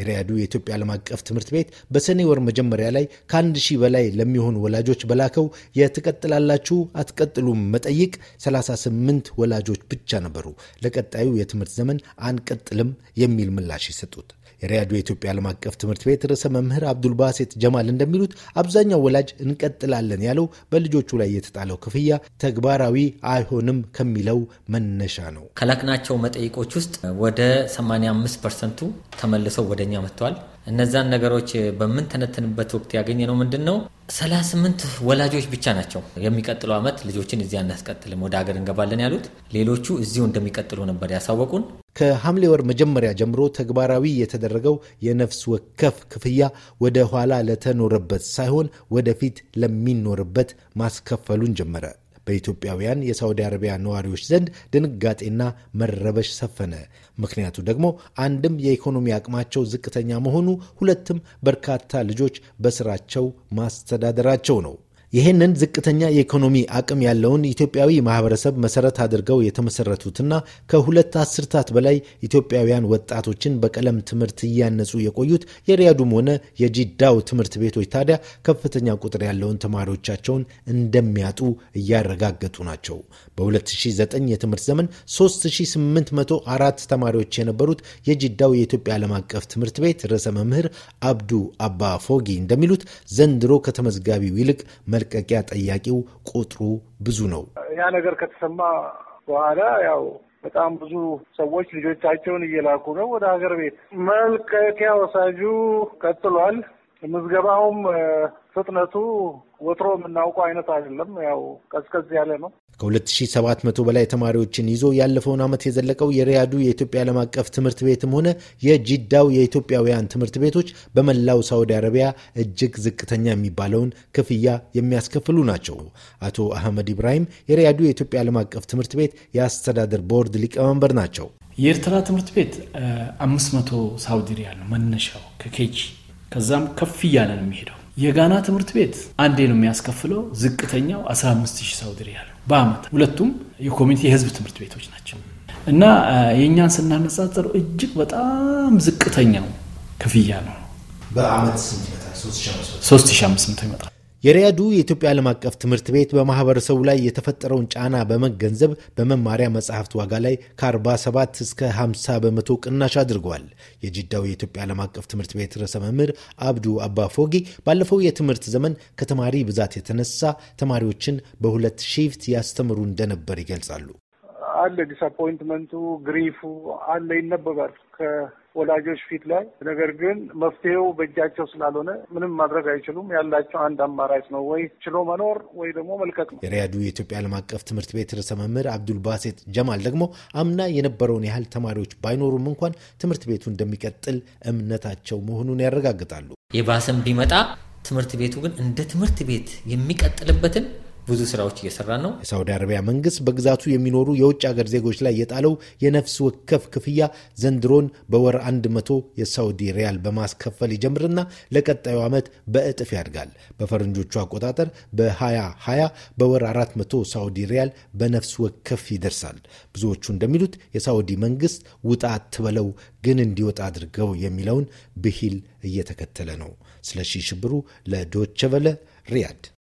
የሪያዱ የኢትዮጵያ ዓለም አቀፍ ትምህርት ቤት በሰኔ ወር መጀመሪያ ላይ ከአንድ ሺህ በላይ ለሚሆኑ ወላጆች በላከው የትቀጥላላችሁ አትቀጥሉም መጠይቅ 38 ወላጆች ብቻ ነበሩ ለቀጣዩ የትምህርት ዘመን አንቀጥልም የሚል ምላሽ የሰጡት። የሪያዱ የኢትዮጵያ ዓለም አቀፍ ትምህርት ቤት ርዕሰ መምህር አብዱልባሴት ጀማል እንደሚሉት አብዛኛው ወላጅ እንቀጥላለን ያለው በልጆቹ ላይ የተጣለው ክፍያ ተግባራዊ አይሆንም ከሚለው መነሻ ነው። ከላክናቸው መጠይቆች ውስጥ ወደ 85 ፐርሰንቱ ተመልሰው ወደ ወደኛ መጥተዋል። እነዛን ነገሮች በምንተነትንበት ወቅት ያገኘ ነው ምንድን ነው 38 ወላጆች ብቻ ናቸው የሚቀጥለው ዓመት ልጆችን እዚያ እናስቀጥልም ወደ ሀገር እንገባለን ያሉት። ሌሎቹ እዚሁ እንደሚቀጥሉ ነበር ያሳወቁን። ከሐምሌ ወር መጀመሪያ ጀምሮ ተግባራዊ የተደረገው የነፍስ ወከፍ ክፍያ ወደ ኋላ ለተኖረበት ሳይሆን ወደፊት ለሚኖርበት ማስከፈሉን ጀመረ። በኢትዮጵያውያን የሳውዲ አረቢያ ነዋሪዎች ዘንድ ድንጋጤና መረበሽ ሰፈነ። ምክንያቱ ደግሞ አንድም የኢኮኖሚ አቅማቸው ዝቅተኛ መሆኑ፣ ሁለትም በርካታ ልጆች በስራቸው ማስተዳደራቸው ነው። ይህንን ዝቅተኛ የኢኮኖሚ አቅም ያለውን ኢትዮጵያዊ ማህበረሰብ መሰረት አድርገው የተመሰረቱትና ከሁለት አስርታት በላይ ኢትዮጵያውያን ወጣቶችን በቀለም ትምህርት እያነጹ የቆዩት የሪያዱም ሆነ የጂዳው ትምህርት ቤቶች ታዲያ ከፍተኛ ቁጥር ያለውን ተማሪዎቻቸውን እንደሚያጡ እያረጋገጡ ናቸው። በ2009 የትምህርት ዘመን 3804 ተማሪዎች የነበሩት የጂዳው የኢትዮጵያ ዓለም አቀፍ ትምህርት ቤት ርዕሰ መምህር አብዱ አባ ፎጊ እንደሚሉት ዘንድሮ ከተመዝጋቢው ይልቅ መልቀቂያ ጠያቂው ቁጥሩ ብዙ ነው። ያ ነገር ከተሰማ በኋላ ያው በጣም ብዙ ሰዎች ልጆቻቸውን እየላኩ ነው ወደ ሀገር ቤት። መልቀቂያ ወሳጁ ቀጥሏል። ምዝገባውም ፍጥነቱ ወትሮ የምናውቀው አይነት አይደለም። ያው ቀዝቀዝ ያለ ነው። ከ2700 በላይ ተማሪዎችን ይዞ ያለፈውን ዓመት የዘለቀው የሪያዱ የኢትዮጵያ ዓለም አቀፍ ትምህርት ቤትም ሆነ የጂዳው የኢትዮጵያውያን ትምህርት ቤቶች በመላው ሳውዲ አረቢያ እጅግ ዝቅተኛ የሚባለውን ክፍያ የሚያስከፍሉ ናቸው። አቶ አህመድ ኢብራሂም የሪያዱ የኢትዮጵያ ዓለም አቀፍ ትምህርት ቤት የአስተዳደር ቦርድ ሊቀመንበር ናቸው። የኤርትራ ትምህርት ቤት 500 ሳውዲ ሪያል ነው መነሻው ከኬጂ ከዛም ከፍ እያለ ነው የሚሄደው የጋና ትምህርት ቤት አንዴ ነው የሚያስከፍለው። ዝቅተኛው 15000 ሳውዲ ሪያል በአመት ሁለቱም የኮሚኒቲ የህዝብ ትምህርት ቤቶች ናቸው እና የእኛን ስናነጻጽር እጅግ በጣም ዝቅተኛው ክፍያ ነው። በአመት ስንት ይመጣል? 3500 ይመጣል። የሪያዱ የኢትዮጵያ ዓለም አቀፍ ትምህርት ቤት በማህበረሰቡ ላይ የተፈጠረውን ጫና በመገንዘብ በመማሪያ መጽሐፍት ዋጋ ላይ ከ47 እስከ 50 በመቶ ቅናሽ አድርገዋል። የጅዳው የኢትዮጵያ ዓለም አቀፍ ትምህርት ቤት ርዕሰ መምህር አብዱ አባ ፎጊ ባለፈው የትምህርት ዘመን ከተማሪ ብዛት የተነሳ ተማሪዎችን በሁለት ሺፍት ያስተምሩ እንደነበር ይገልጻሉ። አለ፣ ዲስአፖይንትመንቱ፣ ግሪፉ አለ፣ ይነበባል ከወላጆች ፊት ላይ። ነገር ግን መፍትሄው በእጃቸው ስላልሆነ ምንም ማድረግ አይችሉም። ያላቸው አንድ አማራጭ ነው፣ ወይ ችሎ መኖር ወይ ደግሞ መልቀቅ ነው። የሪያዱ የኢትዮጵያ ዓለም አቀፍ ትምህርት ቤት ርዕሰ መምህር አብዱል ባሴት ጀማል ደግሞ አምና የነበረውን ያህል ተማሪዎች ባይኖሩም እንኳን ትምህርት ቤቱ እንደሚቀጥል እምነታቸው መሆኑን ያረጋግጣሉ። የባሰም ቢመጣ ትምህርት ቤቱ ግን እንደ ትምህርት ቤት የሚቀጥልበትን ብዙ ስራዎች እየሰራ ነው። የሳውዲ አረቢያ መንግስት በግዛቱ የሚኖሩ የውጭ ሀገር ዜጎች ላይ የጣለው የነፍስ ወከፍ ክፍያ ዘንድሮን በወር 100 የሳውዲ ሪያል በማስከፈል ይጀምርና ለቀጣዩ ዓመት በእጥፍ ያድጋል። በፈረንጆቹ አቆጣጠር በ2020 በወር 400 ሳውዲ ሪያል በነፍስ ወከፍ ይደርሳል። ብዙዎቹ እንደሚሉት የሳውዲ መንግስት ውጣ አትበለው ግን እንዲወጣ አድርገው የሚለውን ብሂል እየተከተለ ነው። ስለሺ ሽብሩ ለዶቸ ቨለ ሪያድ